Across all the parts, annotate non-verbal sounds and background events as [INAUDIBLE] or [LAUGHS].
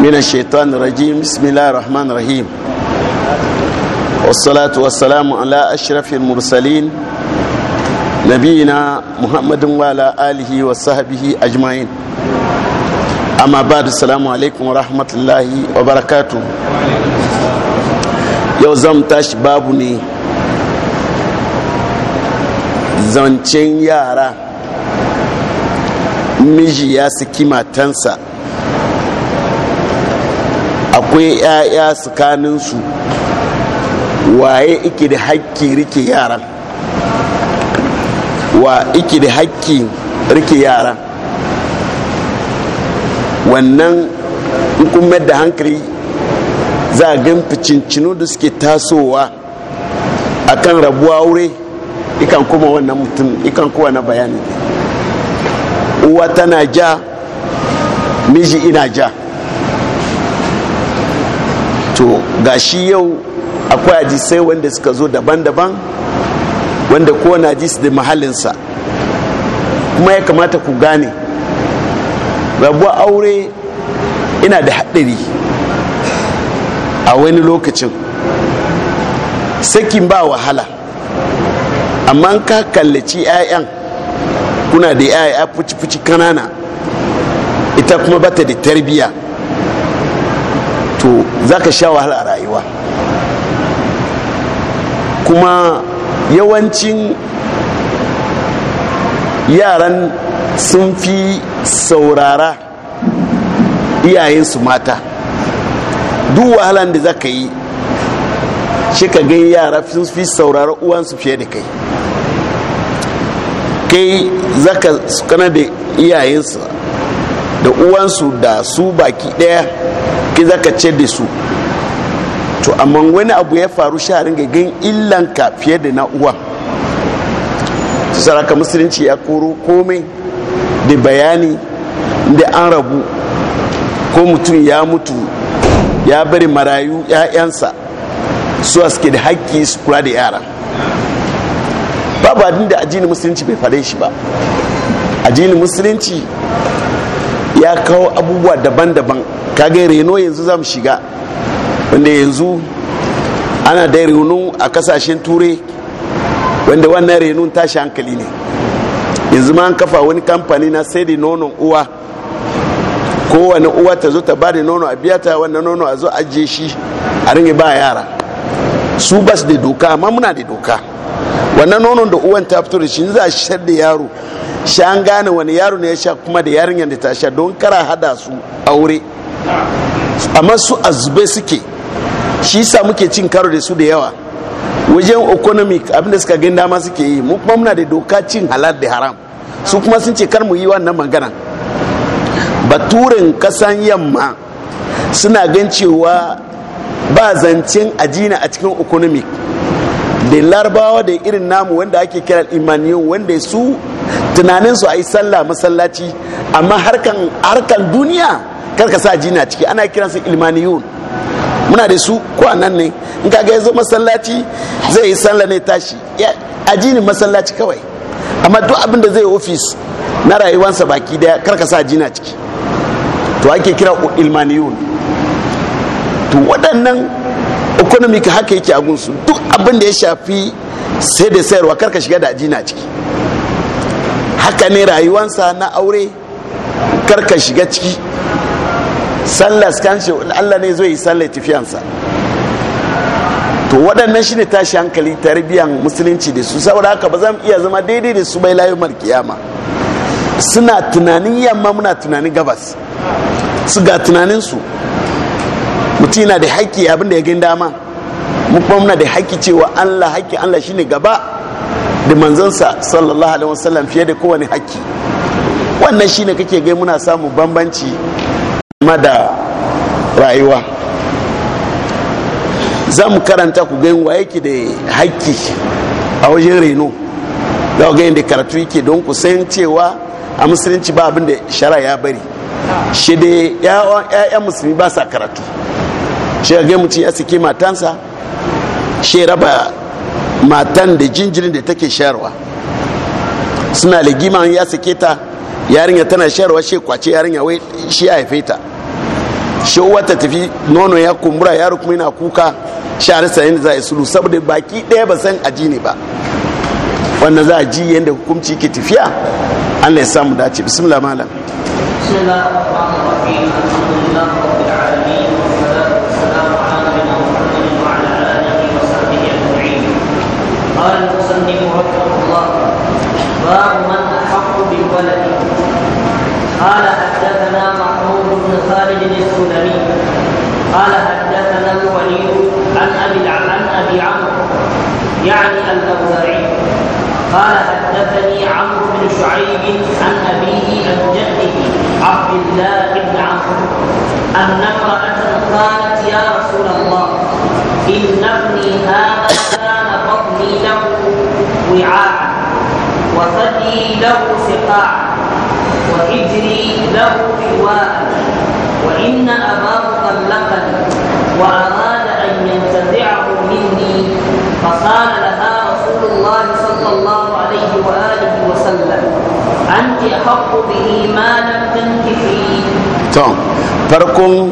من الشيطان الرجيم بسم الله الرحمن الرحيم والصلاة والسلام على أشرف المرسلين نبينا محمد وعلى آله وصحبه أجمعين أما بعد السلام عليكم ورحمة الله وبركاته yau zan tashi babu ne zancen yara miji ya saki matansa akwai 'ya'ya tsakaninsu waye ike da haƙƙi rike yaran wa ike da haƙƙi rike yaran wannan hukumar da hankali za a gan ficincino da suke tasowa kan rabuwa wure ikan kuma wannan mutum ikan kowa na bayani uwa tana ja miji ina ja to ga shi yau akwai hadisai wanda suka zo daban-daban wanda kowane su da mahallinsa kuma ya kamata ku gane rabuwa aure ina da haɗari a wani lokacin sakin ba wahala amma ka kallaci 'ya'yan kuna da 'ya'ya fuci-fuci kanana ita kuma bata da tarbiyya to za ka sha wahala a rayuwa kuma yawancin yaran sun fi saurara iyayensu mata duk wahalan da za ka yi shi ka gani yara sun fi saurara uwansu fiye da kai kai za ka kana da iyayensu da uwansu da su baki daya ki zaka ce da su to amma wani abu ya faru sharin ringa gan illanka fiye da na uwa su saraka musulunci ya koro komai da bayani da an rabu ko mutum ya mutu ya bari marayu 'ya'yansa su suke da haƙƙi su kula da yara babu abin da ajini musulunci bai faɗe shi ba ajini musulunci ya kawo abubuwa daban-daban kaga reno yanzu zamu shiga wanda yanzu ana da reno a kasashen turai wanda wannan renon tashi hankali ne yanzu ma an kafa wani kamfani na sai da nonon uwa kowane uwa ta zo ta ba da nono a biya ta wannan nono a zo ajiye shi a ringa ba yara su ba su da doka amma muna da doka wannan nonon da uwan ta fito da shi za a shar da yaro shi an gane wani yaro ne ya sha kuma da yarinyar da ta sha don kara hada su aure amma su a zube suke shi sa muke cin karo da su da yawa wajen economic abinda suka gani dama suke yi mu kuma muna da doka cin halal da haram su kuma sun ce kar mu yi wannan magana baturin kasan yamma suna gan cewa ba zancen ajina a cikin economic da larabawa da irin namu wanda ake kira imaniyon wanda su tunaninsu a yi sallah masallaci amma harkan duniya karka sa jina ciki ana kiransu ilmaniyun muna da su ko a nan ne in ka ya zo masallaci zai yi sallah ne tashi ni masallaci kawai amma duk abin da zai ofis na sa baki daya karka sa jina ciki to ake kira ilmaniyun to waɗannan economic haka yake a gunsu duk abin da ya shafi sai da sayarwa karka shiga da ajina ciki haka ne sa na aure karka shiga ciki sallah kanshi Allah ne zai yi sallah tafiyansa to waɗannan shine tashi hankali tarbiyan musulunci da su saboda haka ba za iya zama daidai da su bai layumar kiyama suna tunanin yamma muna tunanin gabas su ga tunanin su mutum yana da haƙƙi abin da ya gani dama mu kuma muna da haƙƙi cewa Allah haƙƙi Allah shine gaba da manzansa sallallahu alaihi wasallam fiye da kowane haƙƙi wannan shine kake gai muna samun bambanci game da rayuwa za mu karanta ku gani wa yake da haƙƙi a wajen reno za ku gani da karatu yake don ku san cewa a musulunci ba abin da shara ya bari shi da ya'yan musulmi ba sa karatu shi ga mutum ya saki matansa shi raba matan da jinjirin da take shayarwa suna ligima ya sake ta yarinya tana shayarwa shi kwace yarinya wai shi ya haife ta shi ta tafi nono ya kumbura yaro kuma yana kuka shi a yadda za a yi sulu saboda baki ɗaya ba san aji ne ba wannan za a ji yadda hukumci ke tafiya an ya samu dace bismillah malam قال خالد السلمي قال حدثنا الوليد عن ابي عن ابي عمرو يعني الاوزاعي قال حدثني عمرو بن شعيب عن ابيه عن جده عبد الله بن عمرو ان امراه قالت يا رسول الله ان ابني هذا كان فضلي له وعاء وثدي له سقاعا وإجري له لواء وإن أباه طلقني وأراد أن ينتزعه مني فقال لها رسول الله صلى الله عليه وآله وسلم أنت أحق به ما لم تنكفي تمام فرقم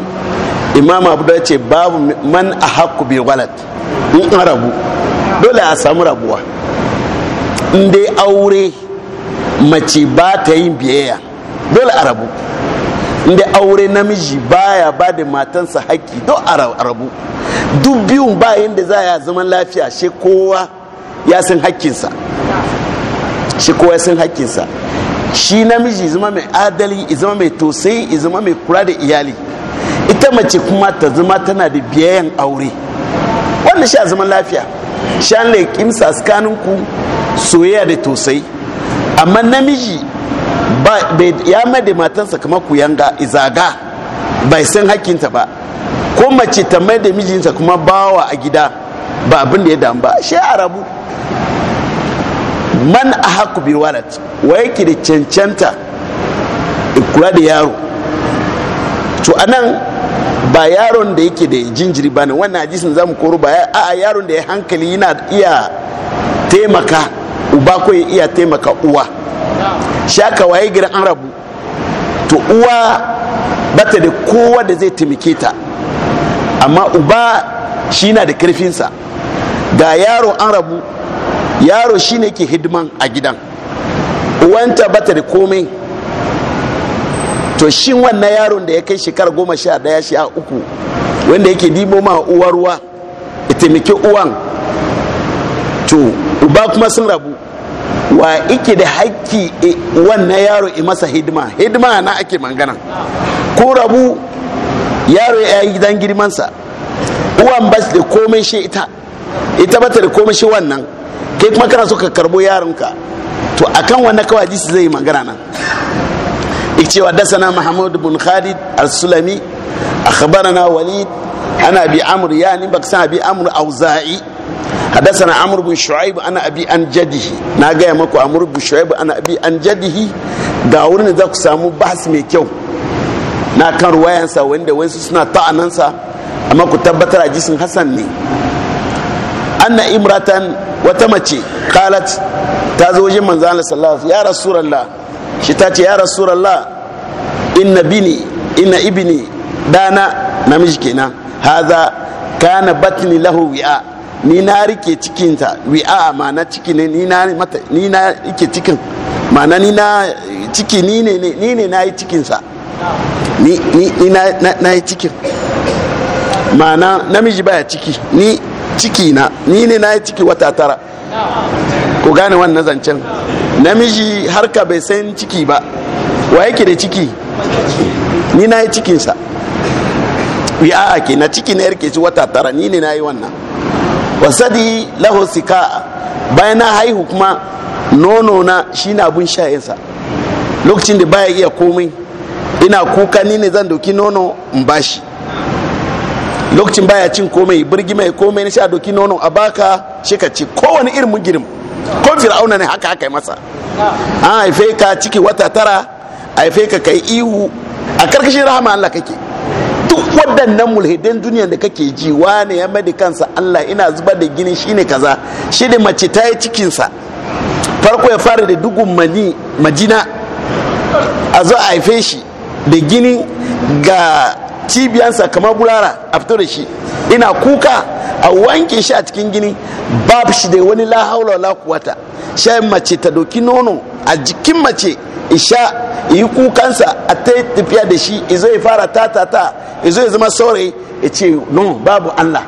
imam abu da ce babu man a haku bi walad in an rabu dole a samu rabuwa in dai aure mace ba ta yin biyayya dole a rabu inda aure namiji baya ba da matansa haƙƙi don a rabu duk biyun ba yadda za a zaman lafiya shi kowa ya san haƙƙinsa shi kowa ya san haƙƙinsa shi namiji zama mai adali zama mai tosai zama mai kula da iyali ita mace kuma ta zama tana da biyayyan aure wannan shi a zaman lafiya shan laikin tsakaninku soyayya da tosai amma namiji ya mada matansa kamar yanga izaga bai san hakinta ba ko mace ta mai da mijinta kuma bawa a gida ba abin da ya damu ba shi a rabu man a haku bi walat wa yake da cancanta kula da yaro to anan ba yaron da yake da jinjiri ba ne wannan hadisin zamu koro ba a yaron da ya hankali yana iya taimaka uba ko ya iya taimaka uwa shi aka waye gidan an rabu to uwa bata da kowa da zai taimake ta amma uba shi na da karfinsa ga yaro an rabu yaro shi ne ke hidiman a gidan uwanta bata da komai to shin wannan yaron da ya kai shekara goma sha daya sha uku wanda yake dibo ma uwa ruwa ya taimake uwan to ba kuma sun rabu wa ike da haƙƙi wannan yaro i masa hidima hidima na ake mangana ko rabu yaro ya yi gidan girmansa uwan ba da komai shi ita ita bata da komai shi wannan kai kuma kana so ka karbo yaronka to akan wannan kawaji su zai yi magana nan cewa dasana mahmud bin khalid al-sulami akhbarana walid ana bi amr yani baksa bi amr auza'i حدثنا عمرو Amurbin Shu'aibu ana ابي an جده na gaya مكو Amurbin Shu'aibu ana انا an ان جده دا wurin da za ku samu bahas mai kyau na kan ruwayansa wanda wasu suna ta'anansa amma ku tabbatar a jisin hassan ne anna imratan wata mace qalat ta zo wajen manzo Allah sallallahu ya rasu rasulullah shi ta ce ya rasu in na bini inna ibni dana namiji kenan haza hadha kana batni lahu wi'a ni na rike cikinta ma na ciki ne ni na mata ni na rike cikin ma na ni na ciki ni ne ni ne na yi sa ni ni na yi cikin na namiji baya ciki ni ciki na ni ne na yi ciki wata tara ku gane wannan zancen namiji harka bai san ciki ba wa yake da ciki ni na yi sa, wi a ke na ciki na yarke ci wata tara ni ne na yi wannan wasadi laho sika bayan na haihu kuma nono na shi na abun sha'insa lokacin da baya iya komai ina kuka ni ne zan doki nono in bashi lokacin baya cin komai birgi mai komai na sha doki nono a baka shi ka ci kowane irin mugirin ko fir'auna ne haka haka masa an haife ka ciki wata tara haife ka kai ihu a karkashin rahama Allah kake waɗannan mulhidin duniya da kake ji wane ya madi kansa Allah ina zubar da gini shine kaza shi ne mace ta yi cikinsa farko ya fara da dugun mani majina a zo a haife shi da gini ga cibiyansa kamar bulara a fito da shi ina kuka a wanke shi a cikin gini babu shi da wani la haula la kuwata shayin mace ta doki nono a jikin mace isha yi kukansa a ta tafiya da shi izo ya fara ta ta ta izo ya zama saurayi ya ce no babu allah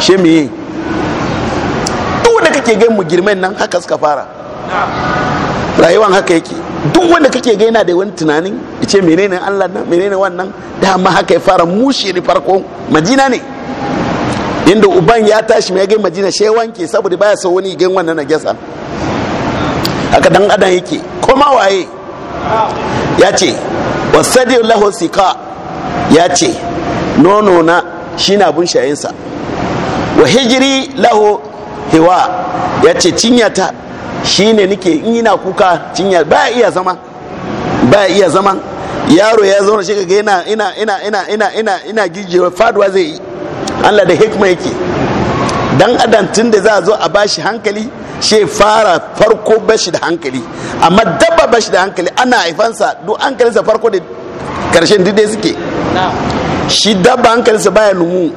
shi mu yi duk wanda kake gai mu girman nan haka suka fara rayuwan haka yake duk wanda kake gai na da wani tunanin ya ce menene allah nan menene wannan dama haka ya fara mushe ne farko majina ne inda uban ya tashi mai gai majina shi wanke saboda baya sau wani gan wannan na gyasa haka dan adam yake ko ma waye ya ce wasadir lahu sika ya ce nono na shine abun shayinsa wa hijiri lahu hewa ya ce cinyata shine nike in na kuka cinya ba iya zama ba iya zama yaro ya zauna shi kaga yana ina ina ina ina ina ina gijewa faduwa zai yi Allah da hikma yake dan adam tun da za a zo a bashi hankali she fara farko bashi da hankali amma dabba bashi da hankali ana haifansa duk hankalinsa farko da karshen dide suke shi dabba hankalinsa baya numu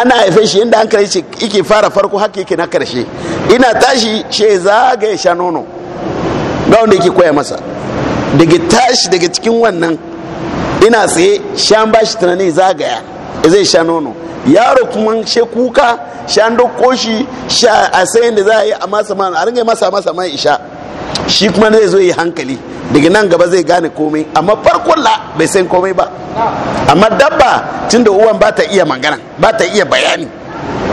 ana haife shi inda hankali ce yake fara farko haka yake na karshe ina tashi she zagaye sha nono ga wanda yake koya masa daga tashi daga cikin wannan ina tsaye shan bashi tunani zagaya Eh, zai sha nono yaro kuma she kuka sha doko koshi sha a sayin da za a yi a masa mana a ringa masa masa ma isha shi kuma zai zo yi hankali daga nan gaba zai gane komai amma farkon la bai san komai ba amma dabba tunda uwan ba ta iya magana ba ta iya bayani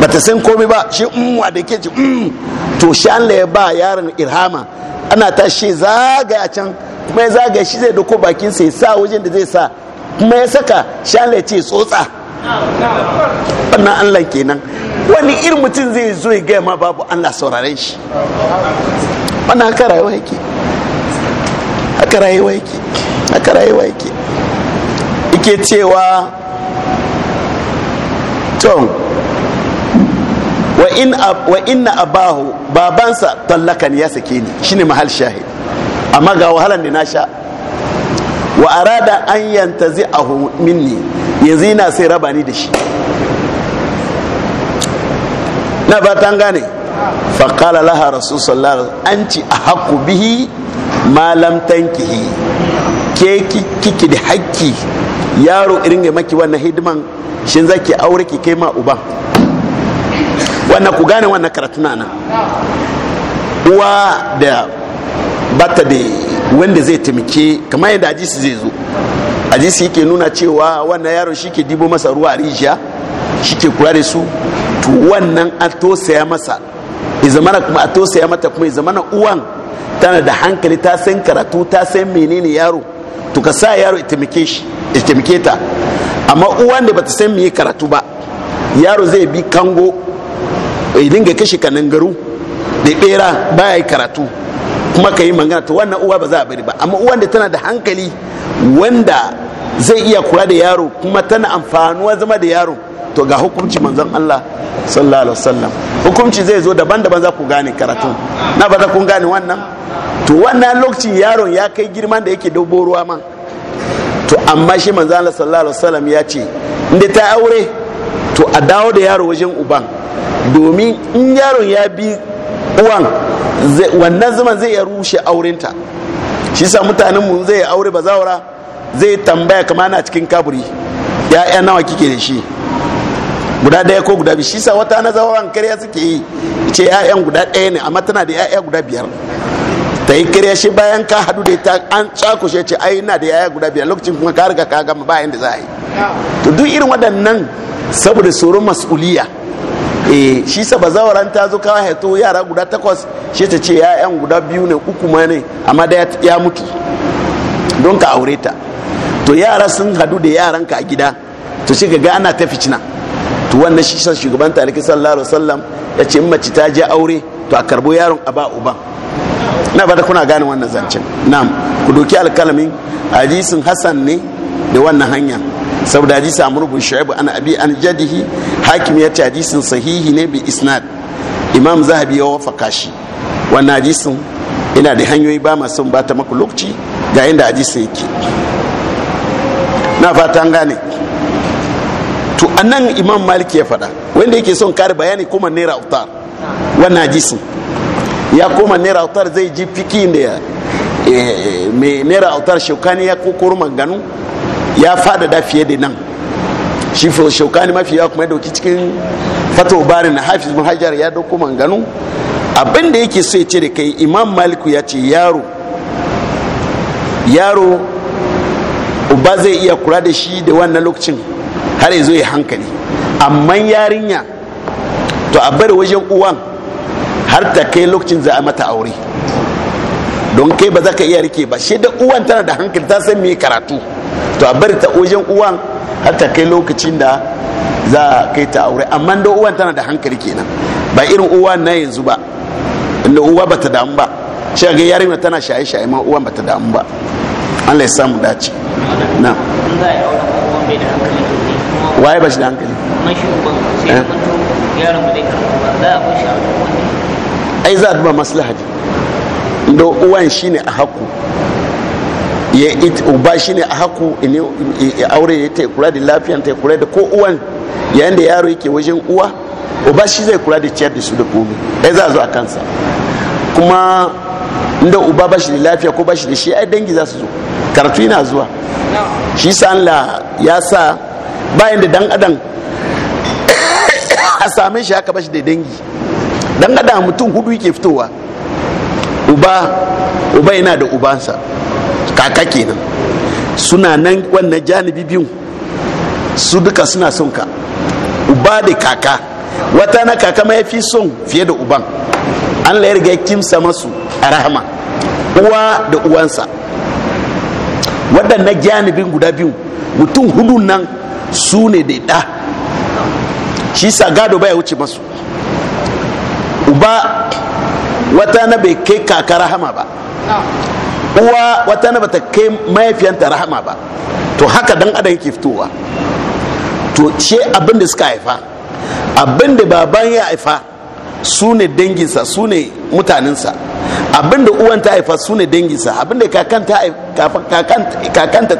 ba ta san komai ba shi umma da ke ci mm. to shan ya ba yaron irhama ana ta shi zagaya can kuma ya zagaya shi zai doko bakin sai sa wajen da zai sa kuma ya saka shan ce tsotsa wannan allah kenan wani irin mutum zai zo ya gaya ma babu allah sauraren shi wannan haka rayuwa yake haka rayuwa yake haka rayuwa yake yake cewa tom wa inna abahu babansa tallakan ya sake ni shine mahal shahid amma ga wahalar da na sha wa arada an yantazi ahu minni yanzu yana sai raba ni da shi na ba ta gane faƙala laha rasu sallar an ci a haƙu bihi malam tankihi ke kiki da haƙƙi yaro irin ya maki wannan hidiman za ki aure ki kai ma uba wannan ku gane wannan karatuna nan uwa da bata da wanda zai taimake kamar yadda su zai zo hadisi yake nuna cewa wannan yaron shi ke dibo masa ruwa a rijiya shi ke kula da su to wannan a tosaya masa izamana kuma a tosaya mata kuma izamana uwan tana da hankali ta san karatu ta san menene yaro to ka sa yaro ya taimake ta amma uwan da bata san meye karatu ba yaro zai bi kango ya dinga kashe garu da bera baya yi karatu kuma ka yi magana to wannan uwa ba za a bari ba amma uwan da tana da hankali wanda zai iya kula da yaro kuma tana amfanuwa zama da yaro to ga hukunci manzon Allah sallallahu alaihi wasallam hukunci zai zo daban-daban za ku gane karatu na ba za kun gane wannan to wannan lokacin yaron ya kai girman da yake dubo ruwa man to amma shi manzon Allah sallallahu alaihi wasallam ya ce inda ta aure to a dawo da yaro wajen uban domin in yaron ya bi uwan wannan zaman zai iya rushe aurenta shi sa mutanen mu zai aure bazawara zai tambaya kama na cikin kaburi ya ya'ya nawa kike da shi guda ɗaya ko guda biyu shi sa wata nazawan karya suke yi ce ya'yan guda ɗaya ne amma tana da ya'ya guda biyar ta yi karya shi bayan ka hadu da ta an cakushe ce ai na da ya'ya guda biyar lokacin kuma ka riga ka gama bayan da za a yi to duk irin waɗannan saboda tsoron mas'uliya eh shi sa bazawaran ta zo kawai haito yara guda takwas shi ta ce ya'yan guda biyu ne uku ma ne amma da ya mutu don ka aure ta to yara sun hadu da yaranka a gida to shi ga ana ta ficina to wannan shi san shugaban taliki sallallahu alaihi wasallam ya ce mace ta je aure to a karbo yaron a ba uban na ba da kuna gane wannan zancen na'am ku doki alkalamin hadisin hasan ne da wannan hanya saboda hadisi amr bin shu'aib an abi an jadihi hakim ya ce hadisin sahihi ne bi isnad imam zahabi ya wafaka shi wannan hadisin ina da hanyoyi ba masu ba ta maka lokaci ga inda hadisin yake na fatan gane to anan imam maliki ya faɗa wanda yake son kare bayani kuma naira autar wannan hadisin ya kuma naira autar zai ji fiki da eh, mai naira autar shaukani ya kokoro manganu ya da fiye da nan shi shaukani mafi yawa kuma ya dauki cikin fata barin na hafiz hajar ya dauko manganu abin yake so ya ce da kai imam maliku ya ce yaro yaro uba zai iya kula da shi da wannan lokacin har ya ya hankali amma yarinya to a bari wajen uwan har ta kai lokacin za a mata aure don kai ba za ka iya rike ba shi da uwan tana da hankali ta san me karatu to a bari ta wajen uwan har ta kai lokacin da za a kai ta aure amma da uwan tana da hankali kenan ba irin uwa na yanzu ba inda uwa bata damu ba shi ga yarinya tana shaye-shaye ma uwan bata damu ba Allah ya samu dace na waye ba shi da hankali eh? ai za a duba maslaha uwan shi ne a haku ya uba shi ne a haku ne aure ya ta kula da lafiyan ta kula da ko uwan yayin da yaro yake wajen uwa uba shi zai kula da ciyar da su da komai ai za a zo a kansa kuma inda uba ba shi da lafiya ko ba shi da shi ai dangi za su zo karatu yana zuwa shi sa Allah ya sa bayan da dan adam [COUGHS] a same shi haka ba shi da dangi dan adam mutum hudu yake fitowa uba uba yana da ubansa kaka kenan suna nan wannan janibi biyu su duka suna son ka uba da kaka wata na kaka ma ya fi son fiye da uban an ya ga kimsa masu a rahama uwa da uwansa waɗannan janibin guda biyu mutum hudu nan su ne da ɗa shi sa gado baya wuce masu uba wata na bai kai kaka rahama ba uwa wata na bata kai mahaifiyanta rahama ba to haka dan adam yake fitowa to ce abin da suka haifa abin da baban ya haifa su ne danginsa su ne mutanensa abinda uwan ta haifa su ne danginsa abinda kakanta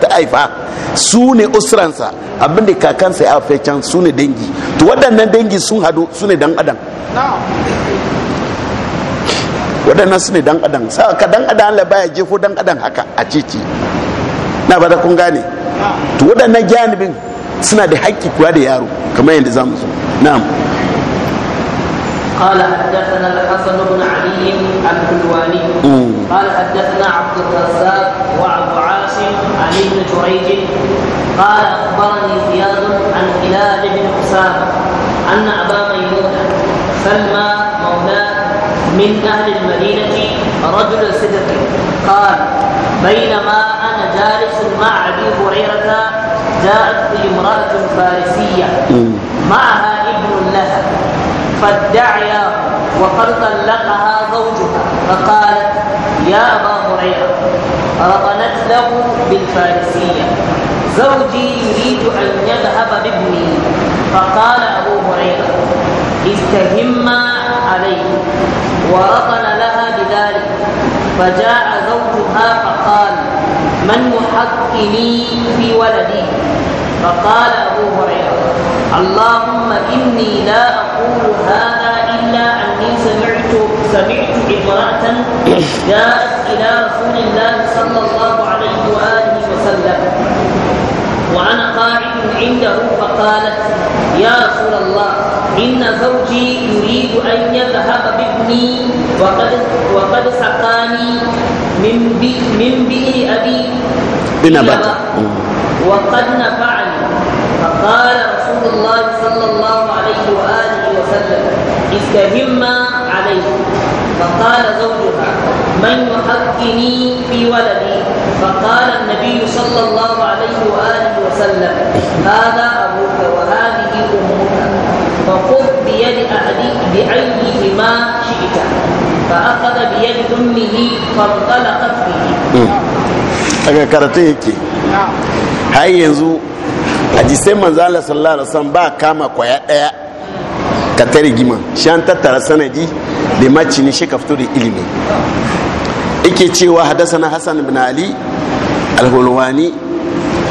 ta haifa su ne usuransa abinda kakansa ya fi can su ne dangi to waɗannan dangi sun hadu su ne dan adam waɗannan su ne dan adam ka dan adam Allah baya jefo dan adam haka a cici na ba da kun gane to waɗannan janibin suna da haƙƙi kuwa da yaro kamar yadda za mu so na'am قال حدثنا الحسن بن علي الحلواني قال حدثنا عبد الرزاق وعبد عاصم علي بن جريج قال اخبرني زياد عن كلاب بن حسام ان ابا ميمون سلمى مولاه من اهل المدينه رجل صدق قال بينما انا جالس مع ابي هريره جاءت امراه فارسيه معها ابن لها فادعيا وقد طلقها زوجها فقالت يا أبا هريرة فرقنت له بالفارسية زوجي يريد أن يذهب بابني فقال أبو هريرة استهما عليه ورطن لها بذلك فجاء زوجها فقال من محق لي في ولدي فقال أبو هريرة اللهم إني لا أقول هذا إلا أني سمعت سمعت امرأة جاءت إلى رسول الله صلى الله عليه وآله وسلم وأنا قاعد عنده فقالت يا رسول الله إن زوجي يريد أن يذهب بابني وقد وقد سقاني من بي من بئر أبي بنبات وقد نفعني فقال رسول الله صلى الله عليه وآله وسلم استهم عليه فقال زوجها من يحقني في ولدي فقال النبي صلى الله عليه وآله وسلم هذا أبوك وهذه أمك فخذ بيد أحدي بأيهما شئت فأخذ بيد أمه فانطلقت به hmm. daga karatun yake har yanzu a jisai manzo Allah sallallahu alaihi wasallam ba kama kwaya daya ka tare gima shi an tattara sanadi da macini shi ka fito da ilimi yake cewa hadasa hassan bin ali alhulwani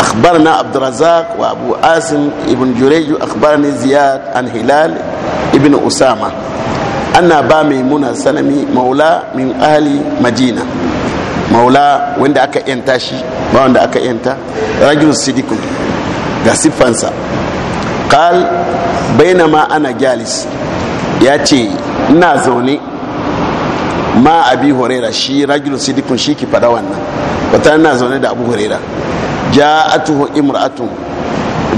akbar na abdurrazaq wa abu asin ibn jureju akbar na Ziyad, an hilal ibn usama an na ba mai muna salami maula min ahali majina maula wanda aka yanta shi ba wanda aka yanta ragin sidikun ga siffansa kal baina ma ana gyalis ya ce ina zaune ma abi huraira shi rajul sidikun shi ki fada wannan wata na zaune da abu huraira ja'atuhu imra'atun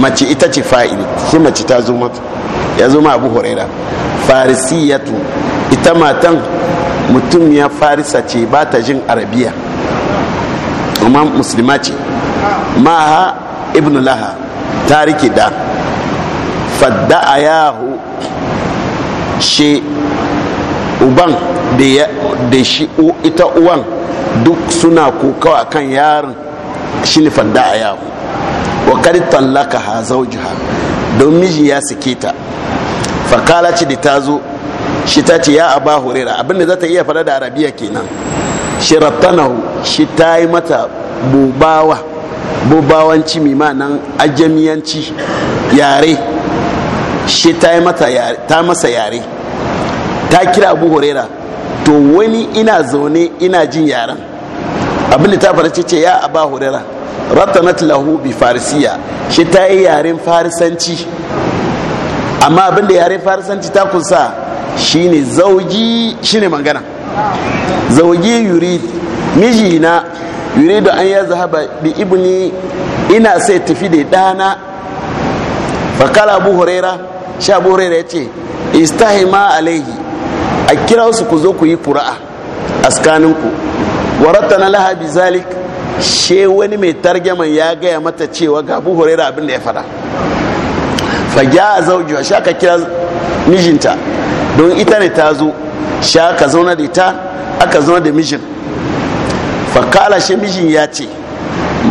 mace ita ce fa'il shi mace ta zo mata ya zo ma abu huraira farisiyatu ita matan mutum ya farisa ce ba ta jin arabiya amma musulma ce maha ibn laha ta rike da fadda a yahu she uban da shi ita uwan duk suna kokawa kan yaron shi ne fanda a yawo wa karitan laka ha zaujuha don miji ya sike ta fakala ce da ta zo shi ta ce ya aba hurera abinda za ta iya fada da arabiya kenan shi rattanahu shi ta yi mata bubawa bubawanci mimanan ajamiyanci yare shi ta yi mata ta masa yare ta kira abu hurera to wani ina zaune ina jin yaren abin da ta fara ce ya aba hurera na lahu bi farisiya shi ta yi yaren farisanci amma abin da yaren farisanci ta kusa shine zauji shine magana zauji yurid mijina yuridu an ya zahaba bi ibni ina sai tafi da dana fakala abu hurera sha abu hurera ya ce istahima alaihi a kira su ku zo ku yi kura'a a tsakaninku warata na lahabi zalik she wani mai targaman ya gaya mata cewa ga abu huraira abin da ya fada fagiya a zaujiwa sha ka kira mijinta don ita ne ta zo sha ka zauna da ita aka zauna da mijin fakala shi mijin ya ce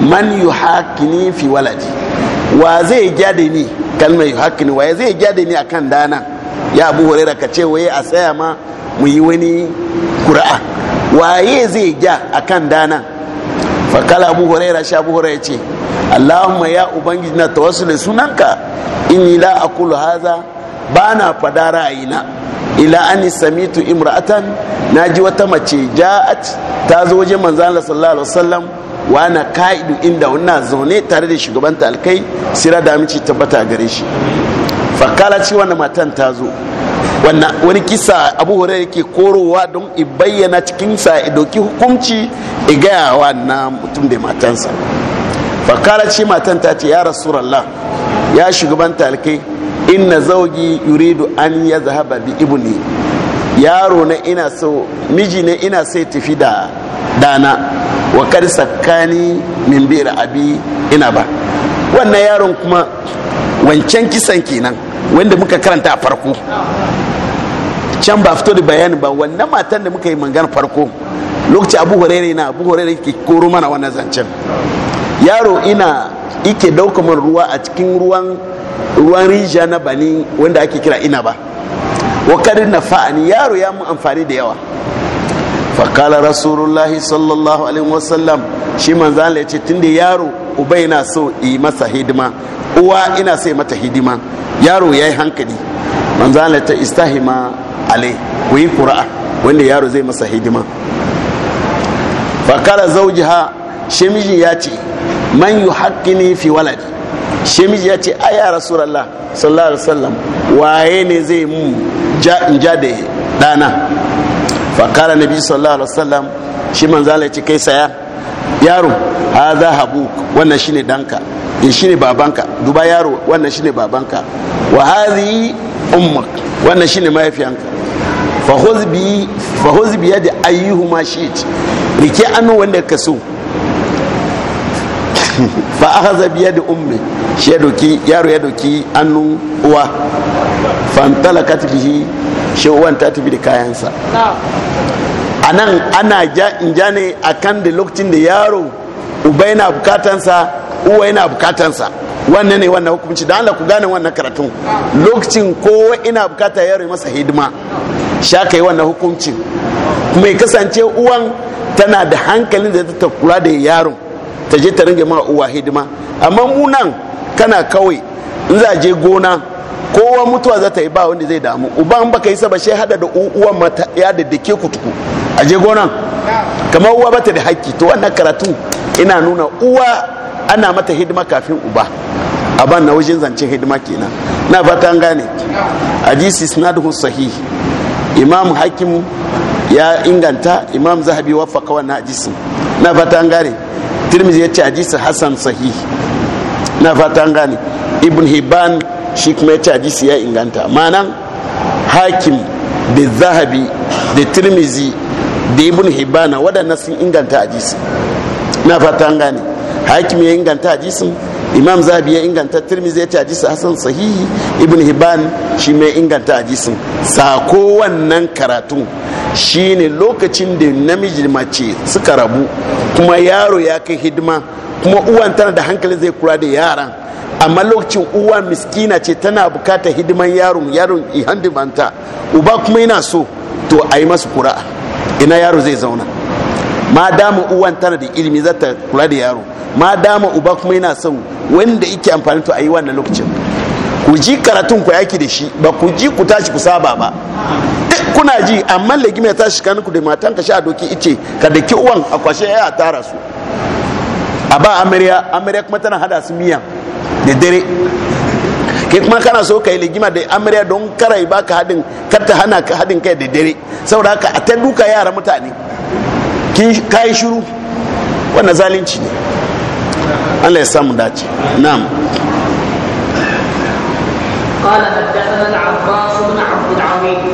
man yu hakini fi waladi wa zai gyade ni kalmar yu hakini wa zai gyade ni akan dana ya abu huraira ka ce waye a tsaya ma mu yi wani kura'a waye zai ja a kan dana fakala abu huraira shi abu huraira ce allahumma ya ubangiji na da sunanka in la akulu haza ba na fada ra'ayina ila an samitu imra'atan na ji wata mace ja'at ta zo wajen manzo Allah sallallahu alaihi wa na ka'idu inda wannan zaune tare da shugabanta alkai sira da mici tabbata gare shi fakala ci wannan matan ta zo wani kisa abu hore yake korowa don ibayyana bayyana cikinsa i doki hukunci i gayawa na mutum da matansa fakala ci matan ta ce ya rasulallah ya shugaban talikai inna zaugi yuridu an ya zahaba bi ibni yaro na ina so miji ne ina sai tafi da dana wa kar sakkani min bira abi ina ba wannan yaron kuma wancan kisan kenan wanda muka karanta a farko can ba fito da bayani ba wannan matan da muka yi mangan farko lokaci abu horere na abu horere ke koro mana wannan zancen yaro ina ike daukamar ruwa a cikin ruwan ruwan rija na bani wanda ake kira ina ba wakadin na fa'ani yaro ya mu amfani da yawa fakala rasulullahi sallallahu alaihi wasallam shi manzan ya ce tunda yaro uba yana so yi masa hidima uwa ina so mata hidima yaro ya yi hankali manzana ta istahima ale ku yi kura'a wanda yaro zai masa hidima fakara zaujiha shemiji ya ce man yi ne fi waladi shemiji ya ce aya rasulallah sallallahu alaihi wasallam waye ne zai mu in ja da dana fakara nabi sallallahu alaihi wasallam shi manzana ya ce kai saya yaro ha hadha habuk wannan shine danka in eh, shine babanka duba yaro wannan shine babanka wa hadhi ummak wannan shine mahaifiyanka fa khudh bi fa khudh bi yadi ayyuhuma shi'it rike annu wanda ka so [LAUGHS] fa akhadha bi yadi ummi shi ya doki yaro ya doki annun uwa fantalakat bihi shi uwan ta tafi da kayansa a nan ana ja ne a kan da lokacin da yaro uba yana bukatansa uwa yana bukatansa wannan ne wannan hukunci da Allah ku gane wannan karatun lokacin kowa ina bukata yaro masa hidima sha ka yi wannan hukuncin kuma kasance uwan tana da hankalin da ta kula da yaron ta je ta ringa ma uwa hidima amma mu kana kawai in za je gona kowa mutuwa za ta yi ba wanda zai damu uban baka yi saba shi hada da uwan mata ya da dake ku tuku a je gonan kamar uwa bata da haƙƙi to wannan karatu ina nuna uwa ana mata hidima kafin uba a ban na wajen zancen hidima kenan na fata an gane hadisi sinadu sahih imam hakim ya inganta imam zahabi wafaka wannan hadisi na fata an gane tirmizi ya ce hadisi hasan sahih na fata an gane ibn hibban shi kuma ya ce hadisi ya inganta ma'ana hakim da zahabi da tirmizi da ibn hibana waɗannan sun inganta hadisi na fata an gane hakim ya inganta hadisin imam zahabi ya inganta tirmizi ya ce hadisi hasan sahihi ibn hibban shi mai inganta hadisin sako wannan karatun shine lokacin da namiji mace suka rabu kuma yaro ya kai hidima kuma uwan tana da hankali zai kula da yaran amma lokacin uwa miskina ce tana bukata hidiman yaron yaron handimanta uba kuma yana so to a yi masu kura ina yaro zai zauna ma dama uwan tana da ilimi za ta kula da yaro ma dama uba kuma yana son wanda yake amfani to a yi wannan lokacin ku ji karatun ku yaki da shi ba ku ji ku tashi ku saba ba duk kuna ji amma lagima ya tashi ku da matan ka sha doki ice ka da daki uwan a kwashe ya tara su a ba amarya amarya kuma tana hada su miya. da dare ke kuma kana so ka yi ligima da amarya don kara yi baka hadin kar ta hana ka hadin kai da dare saboda haka a ta duka yara mutane ka yi shiru wannan zalunci ne Allah ya samu dace na'am قال حدثنا العباس بن عبد العميد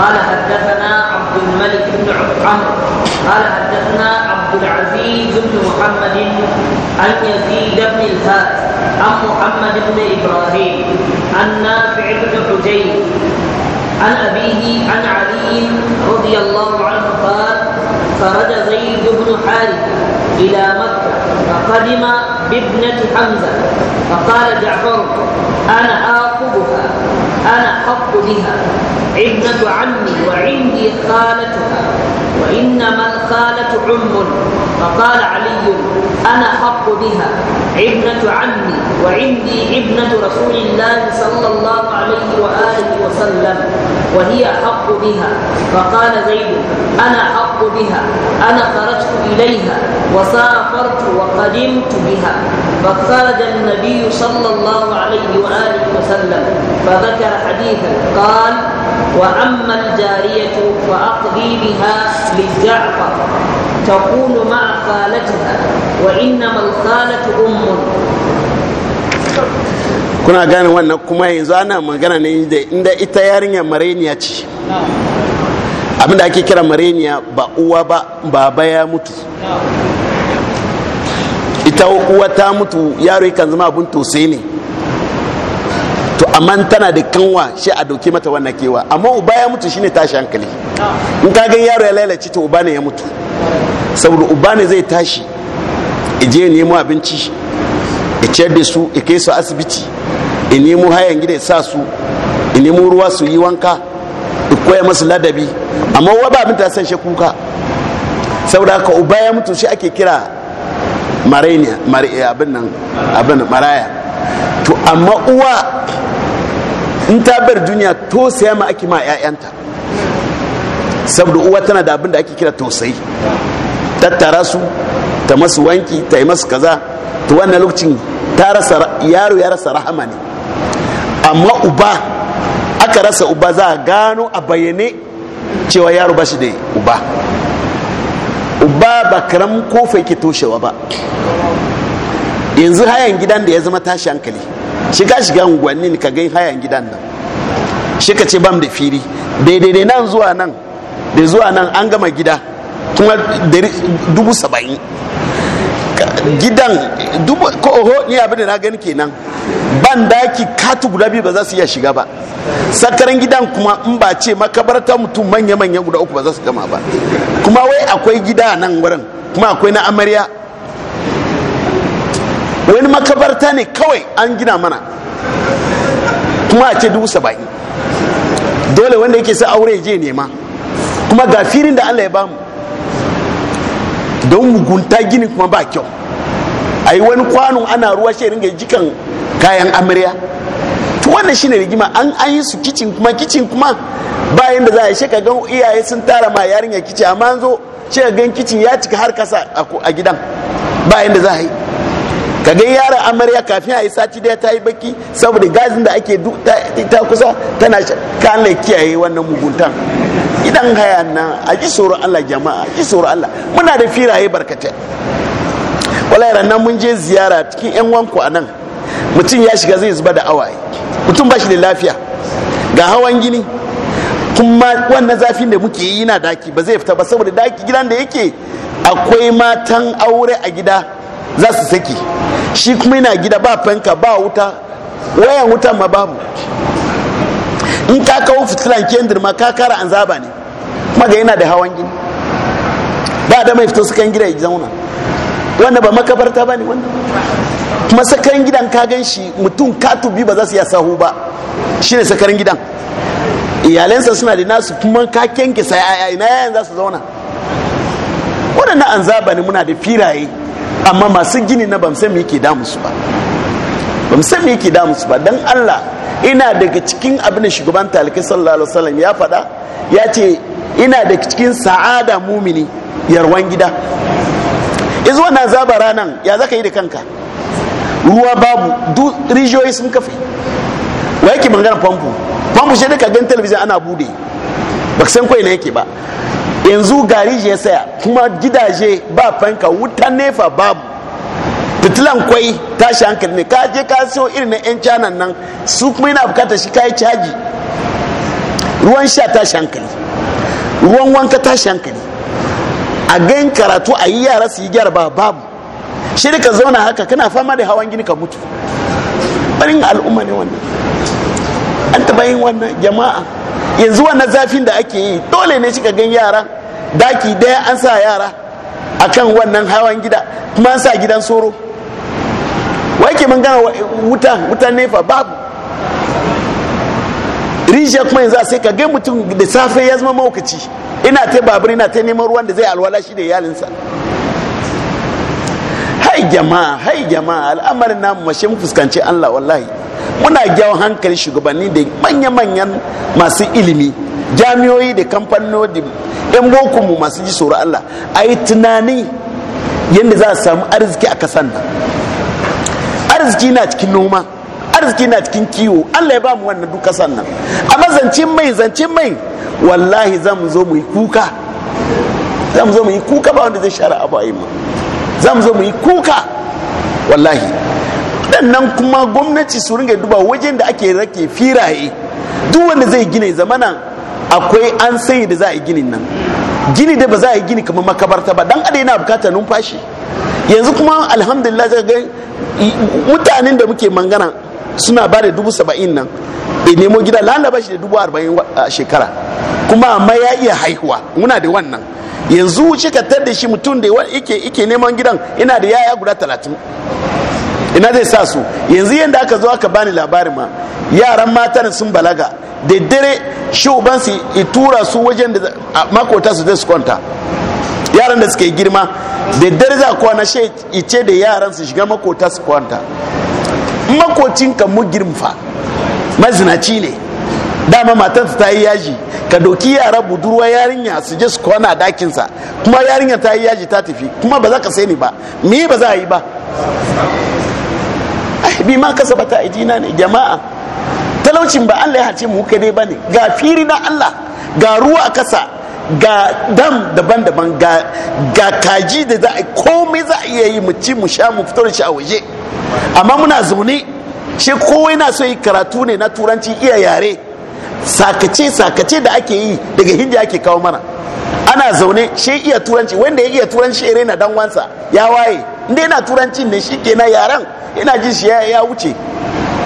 قال حدثنا عبد الملك بن عمرو قال حدثنا عبد العزيز بن محمد عن يزيد بن الهاد عن محمد بن إبراهيم عن نافع بن حجين عن أبيه عن علي رضي الله عنه قال خرج زيد بن حارث إلى مكة فقدم بابنة حمزة فقال جعفر أنا آخذها أنا حق بها عمة عمي وعندي خالتها وإنما الخالة عم فقال علي أنا حق بها ابنة عمي وعندي ابنة رسول الله صلى الله عليه وآله وسلم وهي حق بها فقال زيد أنا حق بها أنا خرجت إليها وسافرت وقدمت بها فخرج النبي صلى الله عليه وآله وسلم فذكر حديثا قال وأما الجارية فأقضي بها للجعفر تقول مع خالتها وإنما الخالة أم kuna gane wannan kuma yanzu ana magana ne inda ita yarinya mareniya ce abinda ake kira mareniya ba uwa ba baba ya mutu ita uwa ta mutu yaro kan zama abin tosai ne to amma tana da kanwa shi a doki mata wannan kewa amma uba ya mutu shine tashi hankali in ka ga yaro ya lalace to uba ne ya mutu saboda uba ne zai tashi ije ya nemo abinci ya ciyar da su ya kai su asibiti ya nemo hayan gida ya sa su ya nemo ruwa su yi wanka ya koya masu ladabi amma wa ba abinta san shi kuka saboda haka uba ya mutu shi ake kira maraya abin nan abin maraya to amma uwa in ta bar duniya sai ma ake ma 'ya'yanta saboda uwa tana da abin da ake kira tosai tattara su ta masu wanki ta yi masu kaza ta wannan lokacin yaro ya rasa rahama ne amma uba aka rasa uba za a gano a bayyane cewa yaro ba shi da uba uba ba karam kofa yake toshewa ba yanzu hayan gidan da ya zama tashi hankali shi ka shiga unguwannin ka gai hayan gidan nan shi ka ce bam da fili daidai nan zuwa nan da zuwa nan an gama gida kuma dubu saba'in gidan dubu ko oho ni abin da na gani kenan ban daki katu guda biyu ba za su iya shiga ba sakarin gidan kuma in ba ce makabarta mutum manya-manya guda uku ba za su gama ba kuma wai akwai gida nan wurin kuma akwai na amarya wani makabarta ne kawai an gina mana kuma a ce dubu saba'in dole wanda yake sa aure je nema kuma ga firin da allah ya bamu don mugunta gini kuma ba kyau a yi wani kwanon ana ruwa shi ringa jikan kayan amarya shi wannan shine rigima an an yi su kicin kuma kicin kuma bayan da za a yi shaka gan iyaye sun tara ma yarinya kici amma an zo shaka gan kicin ya cika har kasa a gidan bayan da za a yi ka kaga yaron amarya kafin a yi sati daya ta yi baki saboda gazin da ake ta kusa tana kala kiyaye wannan muguntan idan haya nan a ji tsoron allah jama'a a ji tsoron allah muna da firaye barkatai wallahi ranar mun je ziyara cikin yan wanku a nan mutum ya shiga zai zuba da awaye mutum ba shi da lafiya ga hawan gini kuma wannan zafin da muke yi na daki ba zai fita ba saboda daki gidan da yake akwai matan aure a gida za su saki shi kuma yana gida ba fanka ba wuta wayan wutan ma babu in ka kawo fitilan kendir ma ka kara an zaba ne kuma ga yana da hawan gini ba da mai fito sukan gida ya zauna wanda ba makabarta ba ne wanda kuma sakarin gidan ka gan shi mutum tubi ba za su iya sahu ba shine sakarin gidan iyalansa suna da nasu kuma ka kenke sai ina yayan za su zauna waɗannan an zaba ne muna da firaye amma masu gini na ba san me yake damu su ba ba san me yake damu su ba dan Allah ina daga cikin abin da shugaban talikai sallallahu alaihi wasallam ya faɗa ya ce ina daga cikin sa'ada mumini yarwan gida izu wannan zaba ranan ya zaka yi da kanka ruwa babu rijiyoyi sun kafe wa yake bangaren famfo famfo shi da ka gan talabijin ana bude ba san kwai na yake ba yanzu gari ya saya kuma gidaje ba fanka wutan nefa babu fitilan kwai tashi hankali ne ka je ka so irin na 'yan canan nan su kuma yana bukata shi kayi caji ruwan sha tashi hankali ruwan wanka tashi hankali a gan karatu a yi yara su yi gyara ba babu shi ka zauna haka kana fama da hawan gini ka mutu barin al'umma ne wannan an taɓa yin wannan jama'a yanzu wannan zafin da ake yi dole ne shi ka gan yara daki daya an sa yara a kan wannan hawan gida kuma an sa gidan soro wai ke mun gana wutan nefa babu rijiya kuma yanzu sai ka gai mutum da safe ya zama maukaci ina ta babur ina ta neman ruwan da zai alwala shi da iyalinsa hai jama'a hai jama'a al'amarin namu mu fuskanci allah wallahi muna gyawon hankali shugabanni da manya-manyan masu ilimi jami'oyi da kamfanoni yan boko mu masu ji tsoro Allah a yi tunani yadda za a samu arziki a kasan nan arziki na cikin noma arziki na cikin kiwo Allah ya ba mu wannan duk kasan nan amma zancen mai zancen mai wallahi za mu zo mu yi kuka za mu zo mu yi kuka ba wanda zai share abu a yi mu za mu zo mu yi kuka wallahi nan kuma gwamnati su ringa duba wajen da ake rake firaye duk wanda zai gina zamana akwai an sai da za a yi ginin nan gini da ba za a yi gini kamar makabarta ba dan adai yana bukatar numfashi yanzu kuma alhamdulillah za ga mutanen da muke mangana suna ba da dubu saba'in nan e nemo gida lalaba shi da dubu arba'in a shekara kuma amma ya iya haihuwa muna da wannan yanzu shi ka da shi mutum da yake neman gidan ina da yaya guda talatin ina zai sa su yanzu yadda aka zo aka bani labarin ma yaran matan sun balaga da dare shi ubansu ya su wajen da makota su zai su yaran da suke girma da dare za kwana shi ice da yaran su shiga makota su kwanta makocin mu mugirmfa mazinaci ne dama matan ta yi yaji ka doki yara budurwa yarinya su je su kwana a dakinsa kuma yarinya ta yi yaji ta tafi kuma ba za ka sai ni ba me ba za a yi ba bi ma kasabata aidina ne jama'a talaucin ba Allah ya harce mu dai bane ga firi na Allah ga ruwa a kasa ga dam daban-daban ga kaji da za a komai za a iya yi mu ci mu sha mu fito da shi a waje amma muna zaune shi kowai na so yi karatu ne na turanci iya yare sakace sakace da ake yi daga hinja ake kawo mana ana zaune shi iya turanci wanda ya iya turanci ya na dan wansa ya waye ne na turancin ne shi na yaren ina jin shi ya wuce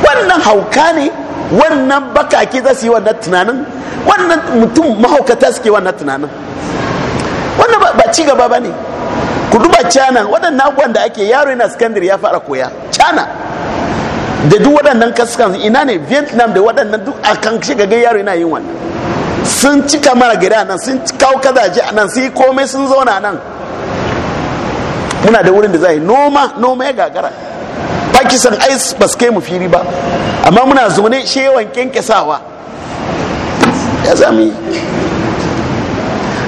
wannan hauka ne wannan bakaki za su yi wannan tunanin wannan mutum mahaukata suke wannan tunanin wannan ba ci gaba ba ne ku duba cana waɗannan abubuwan da ake yaro yana sakandare ya fara koya cana da duk waɗannan kaskan ina ne vietnam da waɗannan duk a kan shiga yaro yana yin wannan sun cika mara gida nan sun kawo kazaje a nan yi komai sun zauna nan muna da wurin da za a yi noma noma ya gagara pakistan ice ba su kai mu fili ba amma muna zaune shi yawan kyankyasawa ya zami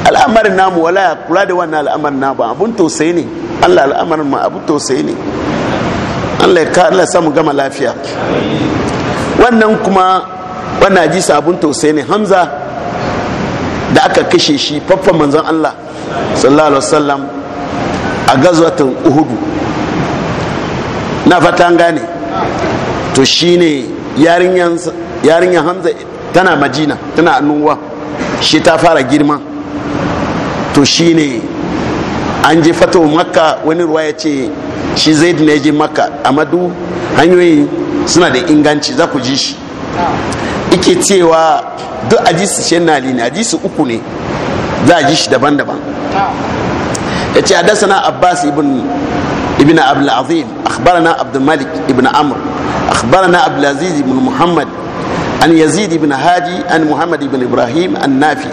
al'amarin namu wala ya kula da wannan al'amarin namu abun tausayi ne allah al'amarin ma abun tausayi ne allah ya samu gama lafiya wannan kuma wannan hadisi abun tausayi ne hamza da aka kashe shi faffan manzon allah sallallahu alaihi wasallam a gazwatan uhudu na fata gane to shi ne yarinyan hamza tana majina tana annuwa shi ta fara girma to shi ne an je fato makka wani ruwa ya ce shi zai zaid ya je makka amadu hanyoyi suna da inganci za ku ji shi ike cewa duk ajisu shi na ne ajisu uku ne za a ji shi daban-daban yace hadathana abbas ibn ibn abdul azim akhbarana abdul malik ibn amr akhbarana abdul aziz ibn muhammad an yazid ibn hadi an muhammad ibn ibrahim an nafi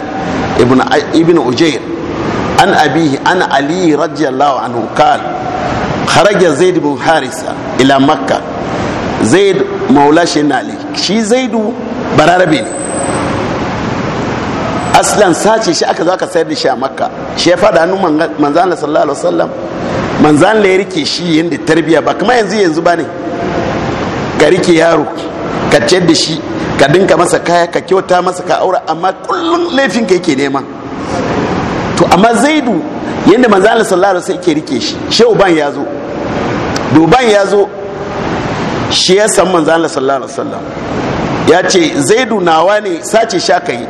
ibn ibn ujair an abihi an ali radiyallahu anhu qala kharaja zaid ibn harisa ila makka zaid maula shi ali shi zaidu bararabe ne aslan sace shi aka zo aka sayar da shi a makka shi ya fada hannun manzan Allah sallallahu alaihi wasallam manzan la ya rike shi yadda tarbiya ba kuma yanzu yanzu ba ne ka rike yaro ka ciyar da shi ka dinka masa kaya ka kyauta masa ka aura amma kullum laifin ka yake nema to amma zaidu yadda manzan Allah sallallahu alaihi wasallam yake rike shi shehu ban ya zo duban ya zo shi ya san manzan Allah sallallahu alaihi wasallam ya ce zaidu nawa ne sace sha ka yi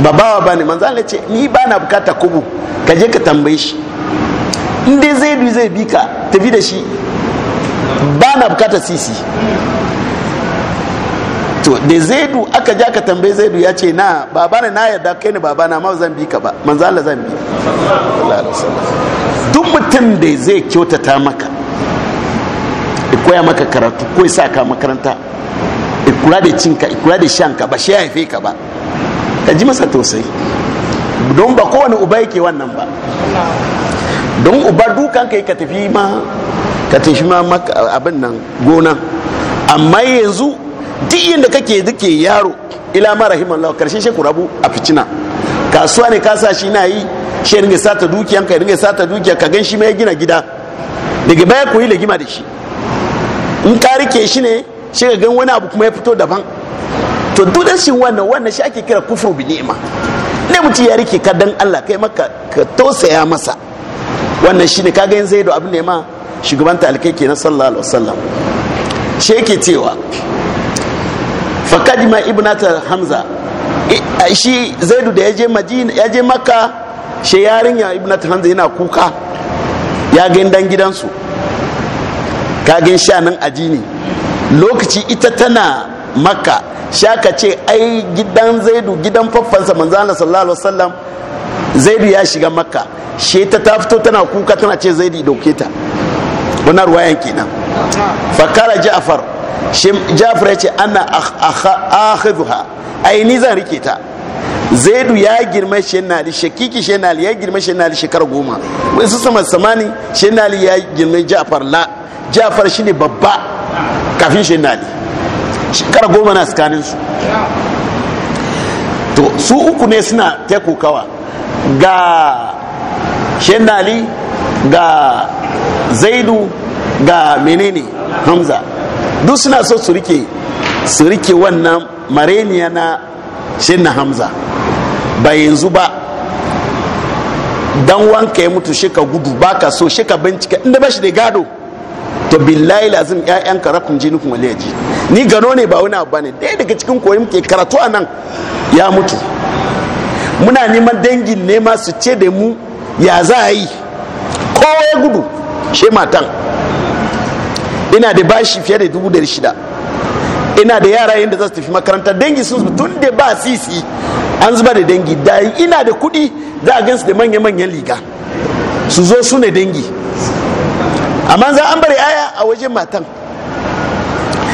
ba bawa ba ne manzan ce ni ba na bukata kubu ka je ka tambaye shi in dai zai bi zai bi ka tafi da shi ba na bukata sisi to da du aka ja ka tambaye du ya ce na baba na yarda kai ne baba na ma zan bi ka ba manzan Allah zan bi duk mutum da zai kyautata maka koya maka karatu ko sa ka makaranta ikula da cinka ikula da shanka ba shi haife ka ba ka ji masa tosai don ba kowane uba yake wannan ba don uba dukan kai ka tafi ma ka tafi ma abin nan gona amma yanzu duk inda kake duke yaro ila ma rahimallahu lawa karshen ku rabu a ficina kasuwa ne kasa shi na yi shi ringa sata dukiyan ka ringa sata dukiya ka gan shi mai gina gida daga baya koyi yi legima da shi in ka rike shi ne shi ga gan wani abu kuma ya fito daban to duk rashin wannan wannan shi ake kira kufru bi ni'ima ne mutum ya rike ka dan Allah kai maka ka tosaya masa wannan shine kaga yanzu zai da abin ne ma shugaban talikai kenan sallallahu alaihi wasallam shi yake cewa fakadima ibnata hamza shi zaidu da yaje madina yaje makka shi yarinya ibnata hamza yana kuka ya ga dan gidansu ka gan sha nan aji ne lokaci ita tana makka shaka ce ai gidan zaidu gidan faffansa manzana sallallahu alaihi zaidu ya shiga makka she ta ta fito tana kuka tana ce zaidu dauke ta wannan ruwayan kenan fakara ja'far shi ja'far ya ce ana akhadha ai ni zan rike ta zaidu ya girma shenali shakiki shenali ya girma shenali shekara goma wai su sama samani shenali ya girma ja'far la ja'far shine babba kafin shenali shekara goma na tsakanin su to su uku ne suna ta kokawa ga shenali ga zaidu ga menene hamza duk suna so su rike su rike wannan mareniya na shinna hamza ba yanzu ba dan wanka ya mutu shika gudu baka so shika bincike inda ba shi da gado to billahi lazim ƴaƴan ka rakun jini kuma ni gano ne ba wani abu bane daya daga cikin koyon ke karatu a nan ya mutu muna neman dangin nema su ce da mu ya za a yi kowa ya gudu she matan ina da bashi fiye da dubu dari shida ina da yara yadda za su tafi makaranta dangi sun tun da ba sisi an zuba da dangi da ina da kuɗi za a gansu da manya-manyan liga su zo su ne dangi amma za an bari aya a wajen matan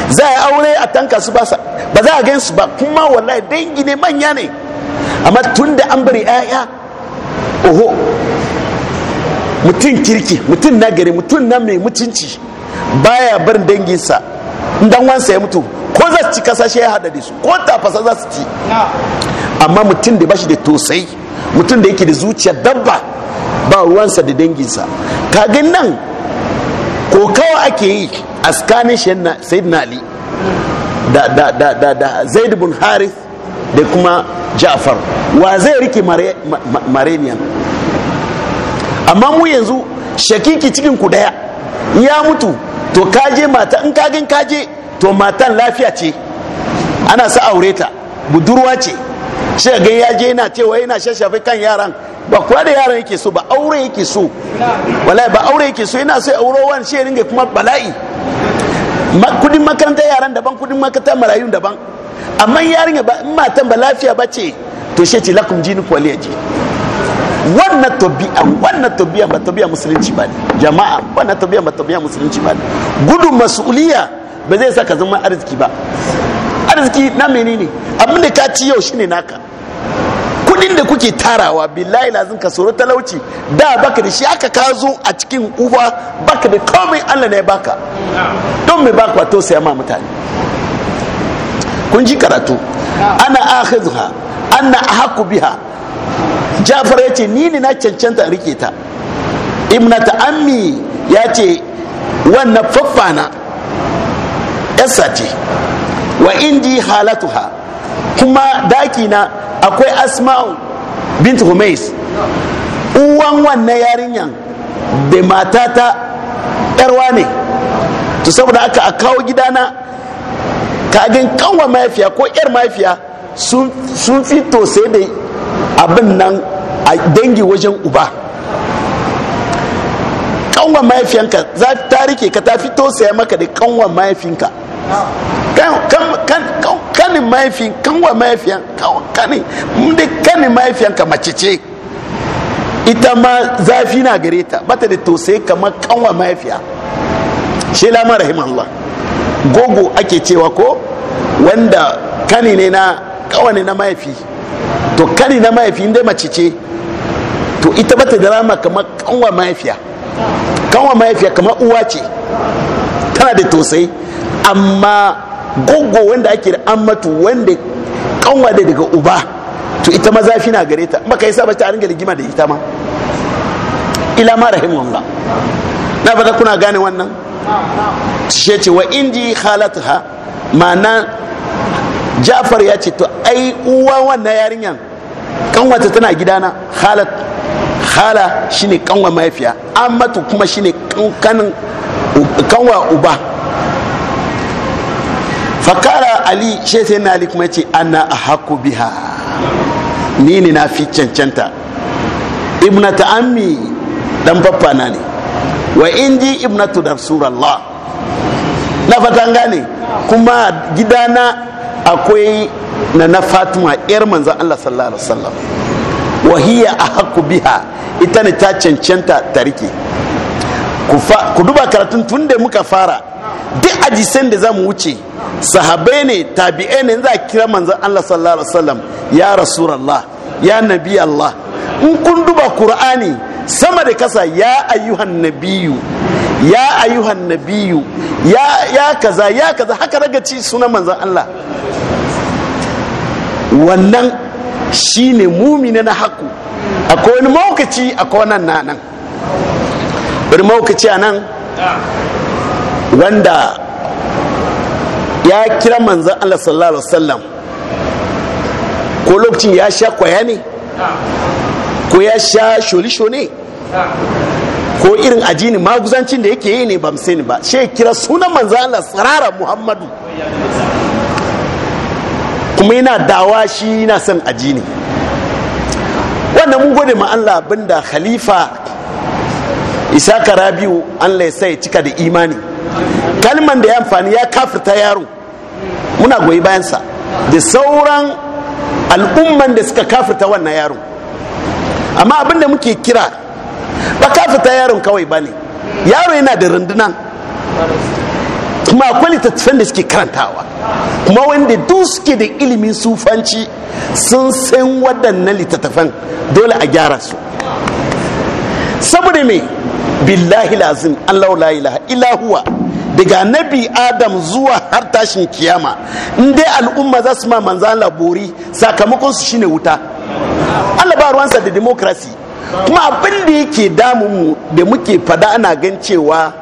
za a yi aure a tanka su ba ba za a gan su ba kuma wallahi dangi ne manya ne amma tun da an bari aya oho mutum kirki mutum na gari mutum na mai mutunci baya barin danginsa dan wansa ya mutu ko za su ci kasashe ya hada da su ko tafasa za su ci amma mutum da bashi da tosai mutum da yake da zuciya dabba ba ruwansa da danginsa ka kagin nan ko kawa ake yi a tsakanin sayyidina ali da da da da da zaid bin harith da kuma ja'far wa zai rike mareniya amma mu yanzu shakiki cikin ku daya ya mutu to kaje mata in kagin kaje to matan lafiya ce ana sa aure ta budurwa ce shi ga ya je yana cewa yana shashafe kan yaran ba kuwa da yaran yake so ba aure yake so wallahi ba aure yake so yana so auro wani shi ringa kuma bala'i kudin makarantar yaran daban kudin makarantar marayun daban amma yarinya ba in matan ba lafiya ba ce to shi ce lakum jini kwaliya ji wannan tabi'a wannan tabi'a ba tabi'a musulunci ba jama'a wannan tabi'a ba tabi'a musulunci ba ne gudun mas'uliya ba zai saka zama arziki ba arziki na menene abin da ka ci yau shine naka kudin da kuke tarawa billahi lazim ka soro talauci da baka da shi aka ka zo a cikin uba baka da komai Allah ne baka don me baka to sai ma mutane kun ji karatu ana akhidha ana ahaku biha Jafar yace ni ne na cancanta rike ta ibnata ta'ammi yace ce wannan faffana yasa ce wa indi halatuha kuma daki na akwai asma'u bint humais uwan wannan yarinyan da matata yarwa ne to saboda aka a kawo gidana kagin kanwa mafiya ko yar mafiya sun fito sai da abin nan a dangi wajen uba kanwa mahaifiyanka za ta rike ka ta fito saya maka da kanwa mahaifinka kanin mahaifi kanwa mahaifiyan kanin inda kanin mahaifiyan ka mace ce ita ma zafi na gare ta bata da tausayi kamar kanwa mahaifiya shi lama Allah gogo ake cewa ko wanda kani ne na kawane na mahaifi to kani na maifi inda mace to ita bata da rama kamar kanwa mahaifiya kanwa mahaifiya kamar uwa ce tana da tausayi amma gogo wanda ake da ammatu wanda kanwa da daga uba to ita ma zafi na gare ta baka yi ba ta ringa rigima da ita ma ila ma Allah. na bada kuna gane wannan shi ce wa indi ma'ana jafar ya ce to ai uwa wannan yarinyan kanwata tana gidana halat hala shine kanwa mafiya ammatu kuma shine kanwa uba fakara ali shi sai na ali kuma ce ana a haku biha ni ne na fi cancanta ibnata ammi dan baffa na ne wa in ji tu da surallah na fatan gane kuma gidana akwai na na fatima yar manzan allah sallallahu alaihi wasallam wahiya a haku biha ita ne ta cancanta ta rike ku duba karatun tun da muka fara duk ajisan da za mu wuce sahabai ne tabi'ai ne za a kira manzon Allah sallallahu alaihi wasallam ya rasulullah ya nabi Allah in kun duba qur'ani sama da kasa ya ayyuhan nabiyu ya ayyuhan nabiyu ya ya kaza ya kaza haka ci sunan manzon Allah wannan shine mumina na haku akwai wani maukaci akwai wannan na nan wani maukaci a nan wanda ya kira manzan Allah sallallahu alaihi wasallam ko lokacin ya sha kwaya ne ko ya sha sholisho ne ko irin ajini maguzancin da yake yi ne ba sani ba shi kira sunan manzan Allah tsirara Muhammadu kuma yana dawa shi yana son ajini wannan mun gode ma Allah abinda khalifa isaka rabiu Allah ya sai cika da imani kalman da ya amfani ya kafirta yaro muna goyi bayansa da sauran al'umman da suka kafirta wannan yaron amma abinda muke kira ba kafirta yaron kawai ba ne yaro yana da rundunan kuma akwai littattafan da suke karantawa kuma wanda duk suke da ilimin sufanci sun san waɗannan littattafan dole a gyara su saboda me billahi lazim allahu la ilaha daga nabi adam zuwa har tashin kiyama in dai al'umma za su ma manzan labori sakamakon su shine wuta Allah ba ruwansa da demokrasi kuma abin da yake damun mu da muke fada ana gan cewa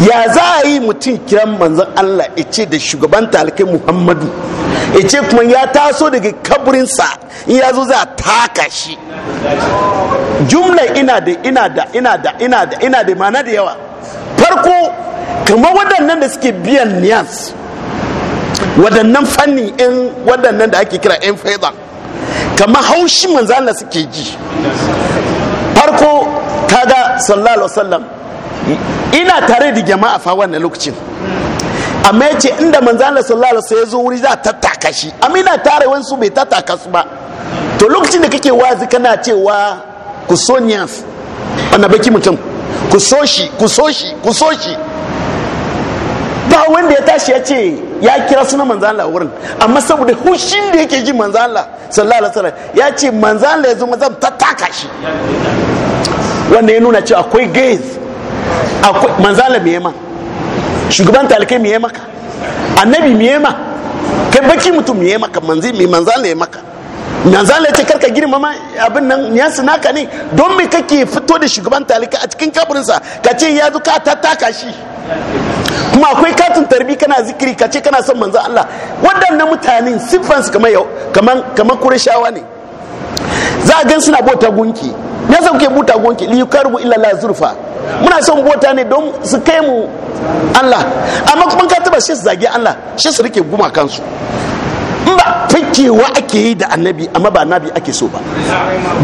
ya za a yi mutum kiran manzan Allah ya ce da shugaban talikai Muhammadu ya ce kuma ya taso daga kaburinsa in ya zo za a taka shi jumla ina da ina da ina da ina da ina da mana da yawa farko kamar waɗannan da suke biyan niyas waɗannan fanni in waɗannan da ake kira yan faida kamar haushi manzana suke ji farko kaga sallallahu alaihi wasallam ina tare da jama'a fa wannan lokacin amma ya ce inda manzana sallallahu ya zo wuri za a tattaka shi amma ina tare wansu bai tattaka su ba to lokacin da kake wazi kana cewa ku so niyas annabaki mutum ku so shi ku so shi ku so shi ba wanda ya tashi ya ce ya kira suna manzan Allah wurin amma saboda hushin da yake ji manzan Allah sallallahu alaihi wasallam ya ce manzan Allah ya zo mazan ta taka shi wanda ya nuna cewa akwai gays akwai manzan Allah shugaban talikai me ka annabi me kai baki mutum me ka manzi me manzan Allah ya maka manzan Allah ya ce karka girmama abin nan ya naka ne don me kake fito da shugaban talika a cikin kaburinsa ka ce ya zo ka ta taka shi kuma akwai katin tarbi kana zikiri kace kana son manzo Allah waɗannan mutanen su kamar yau kamar kamar kurishawa ne za a gan suna bota gunki na kuke buta gunki li yukarbu illa la zurfa muna son bota ne don su kai mu Allah amma kuma ka taba shi zage Allah shi su rike guma kansu in ba fakewa ake yi da annabi amma ba annabi ake so ba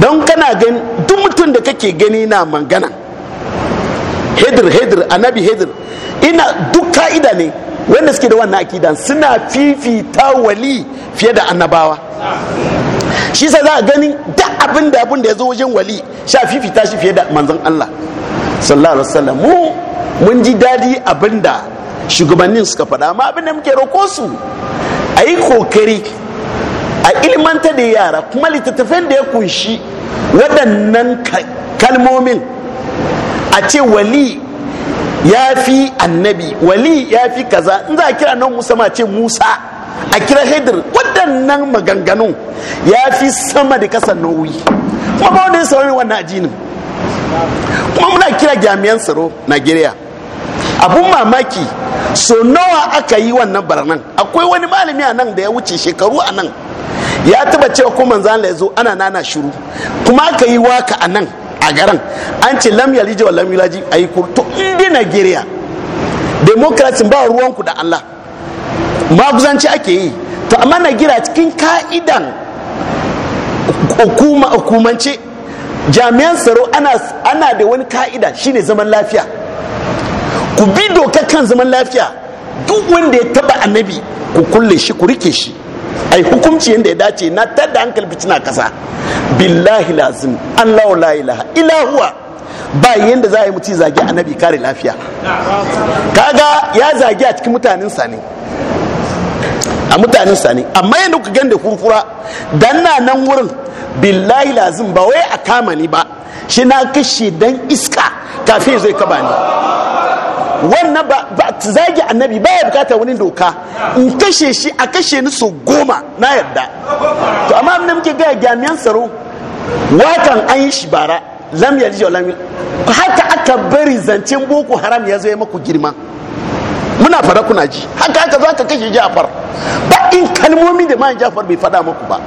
don kana gan duk mutum da kake gani na mangana hidir hedir annabi hedir ina duk ka'ida ne wanda suke da wannan akidan suna fifita wali fiye da annabawa shi sai za a gani duk abin da abin da ya zo wajen wali sha fifita shi fiye da manzon Allah sallallahu alaihi wasallam mu mun ji dadi abin da shugabannin suka faɗa amma abin da muke roko su a yi kokari a ilmanta da yara kuma littattafan da ya kunshi waɗannan kalmomin a ce wali ya fi annabi wali ya fi kaza in za a kira nan musa ma ce musa a kira hidir waɗannan maganganu ya fi sama da kasan nauyi kuma ba wanda ya saurari wannan ajinin kuma muna kira jami'an tsaro nigeria abun mamaki so nawa aka yi wannan barnan akwai wani malami a nan da ya wuce shekaru a nan ya taba cewa ko zan lai zo ana nana shiru kuma aka yi waka a nan a garin an ce lam yalije wallam lam yulaji ayi kurto indi Nigeria democracy ba ruwanku da Allah maguzanci ake yi to amma Nigeria cikin ka'idan hukumance jami'an tsaro ana da wani ka'ida shine zaman lafiya ku bi doka kan zaman lafiya duk wanda ya taba annabi ku kulle shi ku rike shi ai hukunci yadda ya dace na da hankali fitina kasa billahi lazim allah la ilaha ila huwa ba yadda za a yi mutu zagi annabi kare lafiya kaga ya zagi a cikin mutanen Sani? a mutanen Sani? amma yadda kuka gan da furfura dan na nan wurin billahi lazim ba wai a kama ni ba shi na kashe dan iska kafin zai kaba ni wannan ba zagi annabi ba ya bukata wani doka in kashe shi a kashe ni so goma na yadda, to amma abin muke gaya jami'an tsaro watan an yi shi bara lam yarji wa lam haka aka bari zancen boko haram ya zo ya maku girma muna fara kuna ji haka aka za ka kashe jafar ba in kalmomi da man jafar bai fada muku ba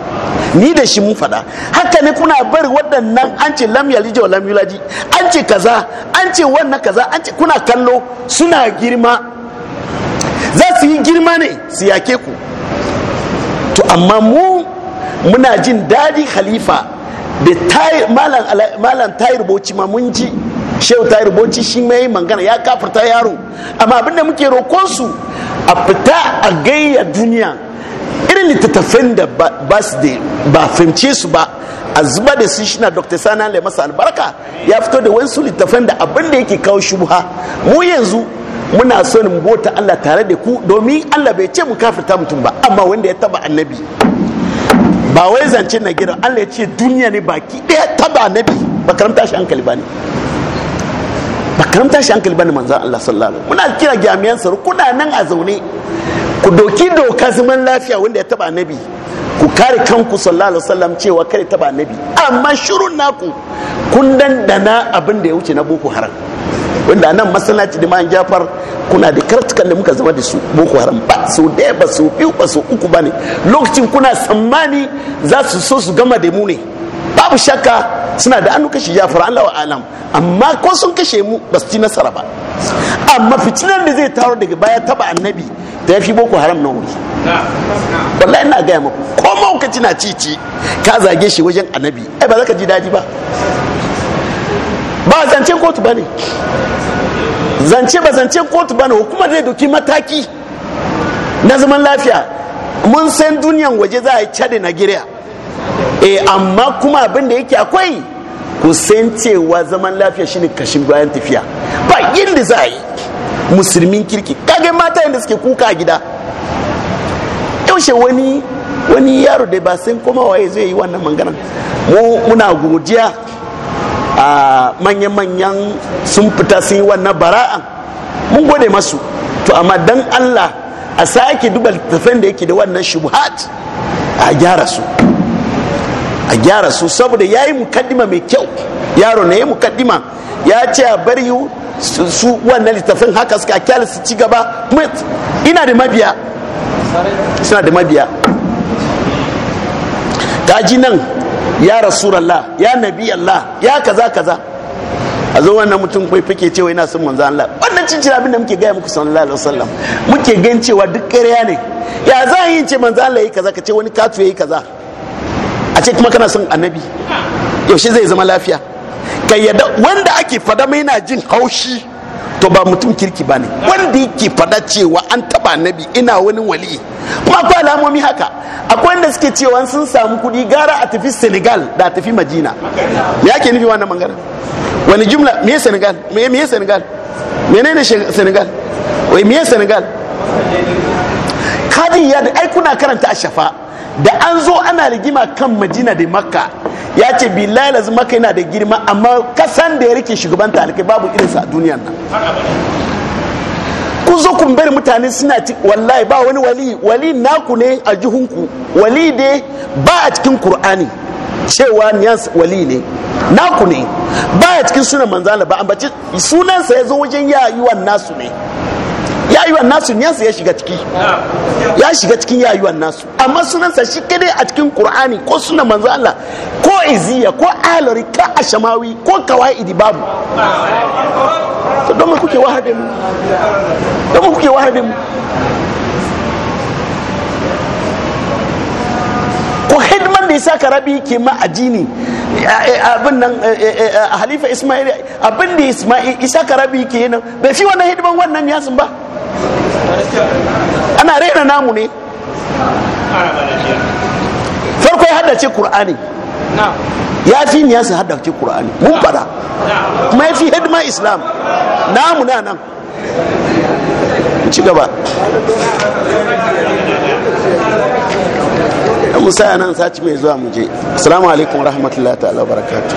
ni da shi mun faɗa haka ne kuna bari waɗannan an ce lam lije wa lam yulaji an ce kaza an ce wannan kaza an ce kuna kallo suna girma za su yi girma ne su yake ku to amma mu muna jin daɗi khalifa da malam tayir boci ma mun ji shehu tayir boci shi mai mangana ya kafarta yaro amma abinda muke roƙon su a fita a gayya duniya irin littattafan da ba su da ba fahimce su ba a zuba da su shi na dr sana le masa albarka ya fito da wani su littattafan da abin da yake kawo shubha mu yanzu muna son mu bota Allah tare da ku domin Allah bai ce mu kafirta mutum ba amma wanda ya taba annabi ba wai zance na gidan Allah ya ce duniya ne baki ɗaya taba annabi ba karamta shi hankali ba ne ba karamta shi hankali ba ne manzan Allah sallallahu alaihi muna kira jami'an tsaro kuna nan a zaune ku doki doka zaman lafiya wanda ya taba nabi, ku kare kanku sallallahu alaihi wasallam cewa kare taba nabi, amma shirun naku kun dandana abin da ya wuce na boko haram wanda nan masallaci da man jafar kuna da kartukan da muka zama da su boko haram ba so daya ba so biyu ba so uku ba ne lokacin kuna tsammani za su so su gama da mu ne babu shakka suna da annu kashe jafar allah wa alam amma ko sun kashe mu ba su ci nasara ba amma fitinar da zai taro daga baya taba annabi ta fi boko haram na wuri wallahi ina gaya maku ko maukaci na cici ka zage shi wajen annabi ai ba za ka ji daɗi ba ba zance kotu ba ne zance ba zance kotu ba ne hukumar zai doki mataki na zaman lafiya mun san duniyan waje za a yi cade gire e eh, amma kuma abin da yake akwai ku san cewa zaman lafiya shine kashin bayan tafiya ba yin da za a yi musulmin kirki kage mata yadda suke kuka gida yaushe wani wani yaro da ba sun koma waye zai yi wannan maganan mu muna godiya a manya-manyan sun fita sun yi wannan bara'an mun gode masu to amma dan allah a sake duba littattafan da yake da wannan shubhat a gyara su a gyara su saboda ya yi mukaddima mai kyau yaro na ya mukaddima ya ce a bari su wannan littafin haka suka kyala su ci gaba ina da mabiya suna da mabiya kaji nan ya rasulallah ya nabi allah ya kaza kaza a zo wannan mutum kai fike cewa ina son manzo Allah wannan cincin abin da muke gaya muku sallallahu alaihi wasallam muke gan cewa duk ƙarya ne ya za a yi ce manzo Allah yi kaza ka ce wani katu yayi kaza a ce kuma kana son annabi yaushe zai zama lafiya ka yadda wanda ake fada mai na jin haushi to ba mutum kirki ba ne wanda yake fada cewa an taba annabi ina wani wali kuma akwai alamomi haka akwai wanda suke cewa sun samu kudi gara a tafi senegal da a tafi majina me ake nufi wannan mangana wani jumla me senegal me senegal menene senegal wai me senegal kadi ya da ai kuna karanta a shafa da an zo ana rigima kan madina da makka ya ce billahi lazim makka yana da girma amma kasan da ya rike shugaban talikai babu sa a duniyan nan kun zo kun bari mutane suna ci wallahi ba wani wali wali naku ne a jihunku wali dai ba a cikin qur'ani cewa niyan wali ne naku ne ba a cikin sunan manzala ba ambaci sunansa ya zo wajen ya nasu ne ya yi nasu yansa ya shiga ciki ya shiga cikin ya yi nasu amma sunansa shi kadai a cikin qur'ani ko suna manzo Allah ko iziya ko alari ka ashamawi ko kawaidi babu to don mu kuke wahade mu don mu kuke wahade mu ko hidman da isa sa ka rabi ke ma ajini abin nan halifa ismail abin da ismail isa ka rabi ke nan bai fi wannan hidman wannan yasin ba ana raina namu ne farko ya haddace kur'ani ya fi niyan su haddace kur'ani mun fada kuma ya fi hidima islam namu na nan ci gaba musa nan saci mai zuwa muje assalamu alaikum rahmatullahi ta'ala barakatuh